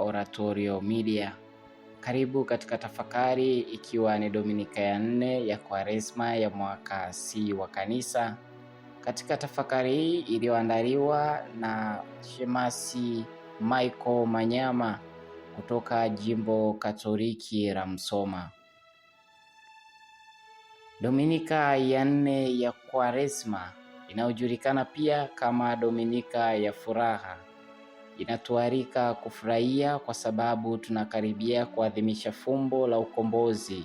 Oratorio Media. Karibu katika tafakari, ikiwa ni Dominika ya nne ya Kwaresma ya mwaka C wa Kanisa. Katika tafakari hii iliyoandaliwa na Shemasi Michael Manyama kutoka Jimbo Katoliki la Msoma. Dominika ya nne ya Kwaresma inayojulikana pia kama Dominika ya furaha inatuarika kufurahia kwa sababu tunakaribia kuadhimisha fumbo la ukombozi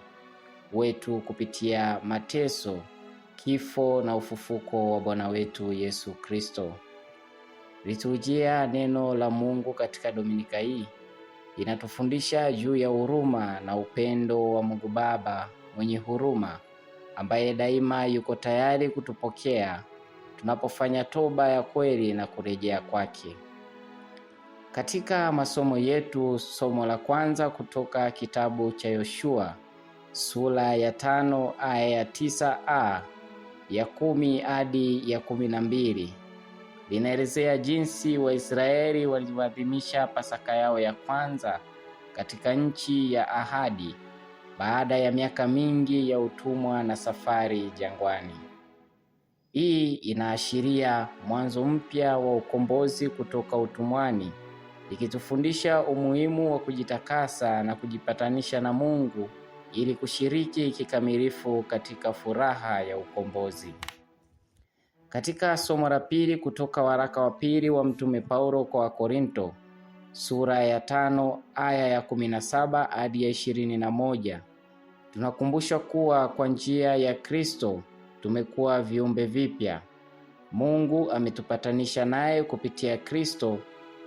wetu kupitia mateso, kifo na ufufuko wa Bwana wetu Yesu Kristo. Liturujia neno la Mungu katika Dominika hii inatufundisha juu ya huruma na upendo wa Mungu Baba mwenye huruma ambaye daima yuko tayari kutupokea tunapofanya toba ya kweli na kurejea kwake. Katika masomo yetu, somo la kwanza kutoka kitabu cha Yoshua sura ya tano aya ya tisa a ya kumi hadi ya kumi na mbili linaelezea jinsi Waisraeli walivyoadhimisha Pasaka yao ya kwanza katika nchi ya ahadi baada ya miaka mingi ya utumwa na safari jangwani. Hii inaashiria mwanzo mpya wa ukombozi kutoka utumwani ikitufundisha umuhimu wa kujitakasa na kujipatanisha na Mungu ili kushiriki kikamilifu katika furaha ya ukombozi. Katika somo la pili kutoka waraka wa pili wa Mtume Paulo kwa Wakorinto sura ya tano aya ya kumi na saba hadi ya ishirini na moja tunakumbushwa kuwa kwa njia ya Kristo tumekuwa viumbe vipya. Mungu ametupatanisha naye kupitia Kristo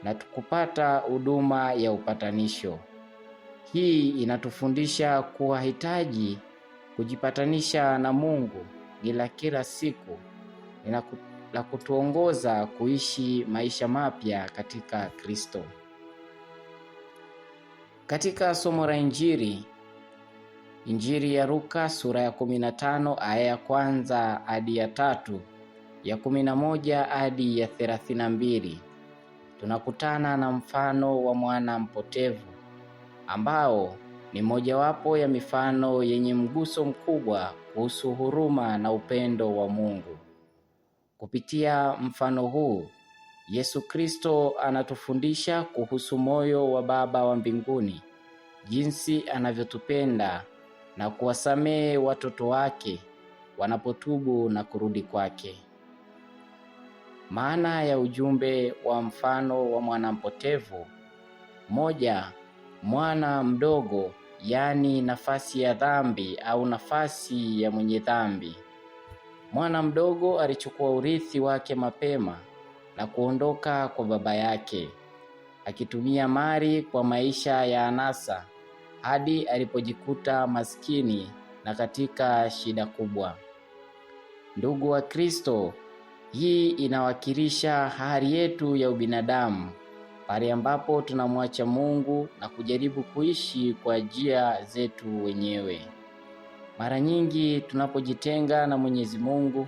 na kupata huduma ya upatanisho. Hii inatufundisha kuwahitaji kujipatanisha na Mungu la kila siku la kutuongoza kuishi maisha mapya katika Kristo. Katika somo la Injili, Injili ya Luka sura ya 15 aya ya kwanza hadi ya tatu, ya 11 hadi ya 32 tunakutana na mfano wa mwana mpotevu ambao ni mojawapo ya mifano yenye mguso mkubwa kuhusu huruma na upendo wa Mungu. Kupitia mfano huu, Yesu Kristo anatufundisha kuhusu moyo wa Baba wa mbinguni, jinsi anavyotupenda na kuwasamehe watoto wake wanapotubu na kurudi kwake. Maana ya ujumbe wa mfano wa mwana mpotevu: moja, mwana mdogo, yaani nafasi ya dhambi au nafasi ya mwenye dhambi. Mwana mdogo alichukua urithi wake mapema na kuondoka kwa baba yake, akitumia mali kwa maisha ya anasa hadi alipojikuta maskini na katika shida kubwa. Ndugu wa Kristo, hii inawakilisha hali yetu ya ubinadamu pale ambapo tunamwacha Mungu na kujaribu kuishi kwa njia zetu wenyewe. Mara nyingi tunapojitenga na Mwenyezi Mungu,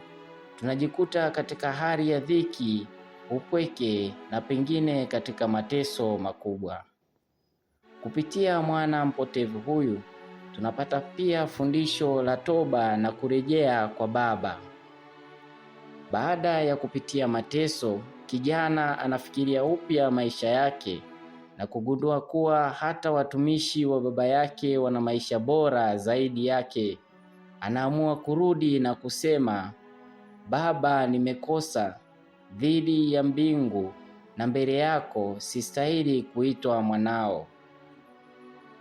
tunajikuta katika hali ya dhiki, upweke na pengine katika mateso makubwa. Kupitia mwana mpotevu huyu tunapata pia fundisho la toba na kurejea kwa Baba. Baada ya kupitia mateso, kijana anafikiria upya maisha yake na kugundua kuwa hata watumishi wa baba yake wana maisha bora zaidi yake. Anaamua kurudi na kusema, Baba, nimekosa dhidi ya mbingu na mbele yako sistahili kuitwa mwanao.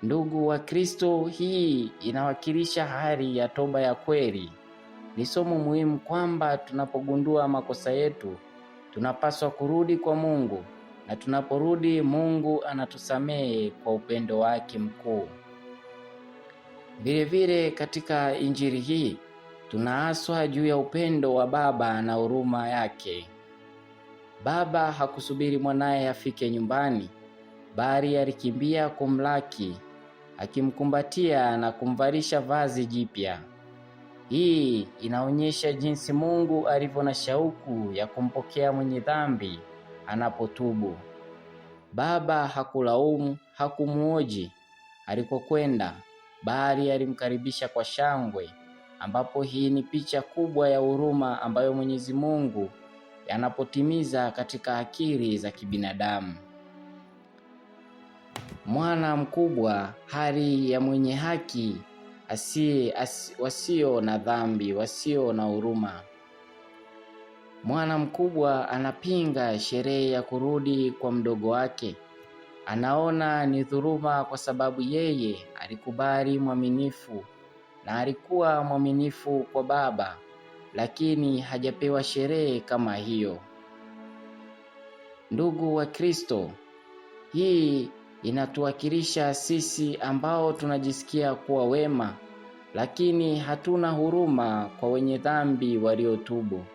Ndugu wa Kristo, hii inawakilisha hali ya toba ya kweli ni somo muhimu kwamba tunapogundua makosa yetu tunapaswa kurudi kwa Mungu, na tunaporudi Mungu anatusamehe kwa upendo wake mkuu. Vilevile katika injili hii tunaaswa juu ya upendo wa Baba na huruma yake. Baba hakusubiri mwanaye afike nyumbani, bali alikimbia kumlaki, akimkumbatia na kumvalisha vazi jipya. Hii inaonyesha jinsi Mungu alivyo na shauku ya kumpokea mwenye dhambi anapotubu. Baba hakulaumu, hakumuoji alikokwenda, bali alimkaribisha kwa shangwe, ambapo hii ni picha kubwa ya huruma ambayo Mwenyezi Mungu yanapotimiza katika akili za kibinadamu. Mwana mkubwa, hali ya mwenye haki asi, as, wasio na dhambi, wasio na huruma. Mwana mkubwa anapinga sherehe ya kurudi kwa mdogo wake, anaona ni dhuruma kwa sababu yeye alikubali mwaminifu na alikuwa mwaminifu kwa baba, lakini hajapewa sherehe kama hiyo. Ndugu wa Kristo, hii inatuwakilisha sisi ambao tunajisikia kuwa wema, lakini hatuna huruma kwa wenye dhambi waliotubu.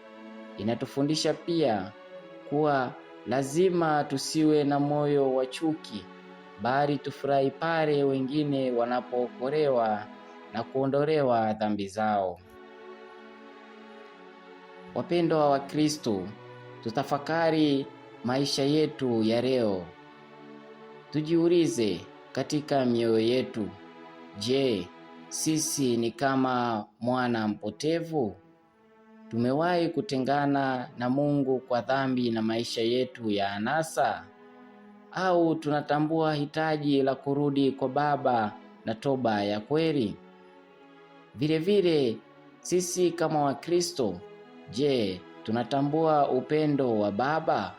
Inatufundisha pia kuwa lazima tusiwe na moyo wa chuki, bali tufurahi pale wengine wanapookolewa na kuondolewa dhambi zao. Wapendwa wa Kristo, tutafakari maisha yetu ya leo. Tujiulize katika mioyo yetu, je, sisi ni kama mwana mpotevu? Tumewahi kutengana na Mungu kwa dhambi na maisha yetu ya anasa, au tunatambua hitaji la kurudi kwa Baba na toba ya kweli? Vilevile sisi kama Wakristo, je, tunatambua upendo wa Baba?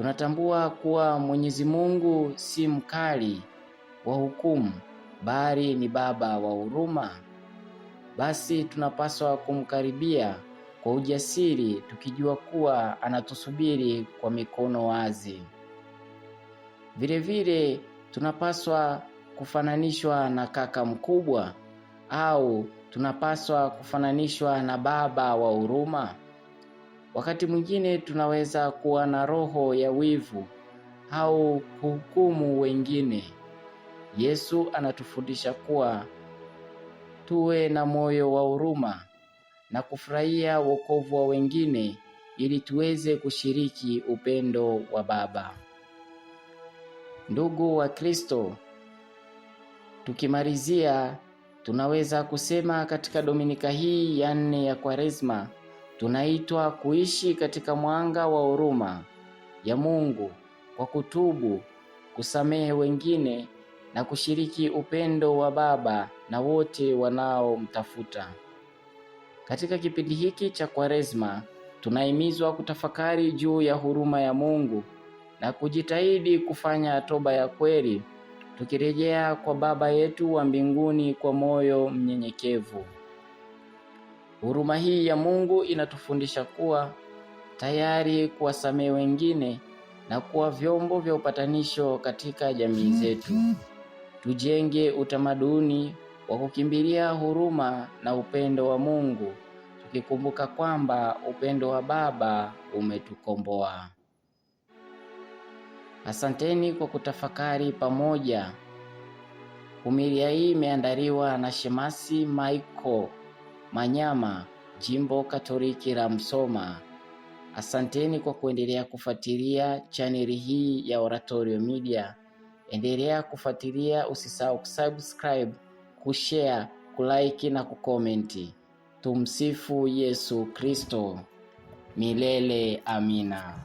tunatambua kuwa Mwenyezi Mungu si mkali wa hukumu, bali ni baba wa huruma. Basi tunapaswa kumkaribia kwa ujasiri, tukijua kuwa anatusubiri kwa mikono wazi. Vilevile tunapaswa kufananishwa na kaka mkubwa au tunapaswa kufananishwa na baba wa huruma. Wakati mwingine tunaweza kuwa na roho ya wivu au kuhukumu wengine. Yesu anatufundisha kuwa tuwe na moyo wa huruma na kufurahia wokovu wa wengine ili tuweze kushiriki upendo wa Baba. Ndugu wa Kristo, tukimalizia tunaweza kusema katika Dominika hii ya nne ya Kwaresma Tunaitwa kuishi katika mwanga wa huruma ya Mungu kwa kutubu, kusamehe wengine na kushiriki upendo wa Baba na wote wanaomtafuta. Katika kipindi hiki cha Kwaresma tunahimizwa kutafakari juu ya huruma ya Mungu na kujitahidi kufanya toba ya kweli, tukirejea kwa Baba yetu wa mbinguni kwa moyo mnyenyekevu. Huruma hii ya Mungu inatufundisha kuwa tayari kuwasamehe wengine na kuwa vyombo vya upatanisho katika jamii zetu. Tujenge utamaduni wa kukimbilia huruma na upendo wa Mungu, tukikumbuka kwamba upendo wa Baba umetukomboa. Asanteni kwa kutafakari pamoja. humiria hii imeandaliwa na Shemasi Michael. Manyama, Jimbo Katoliki la Msoma. Asanteni kwa kuendelea kufuatilia chaneli hii ya Oratorio Media. Endelea kufuatilia, usisahau kusubscribe, kushare, kulike na kukomenti. Tumsifu Yesu Kristo. Milele amina.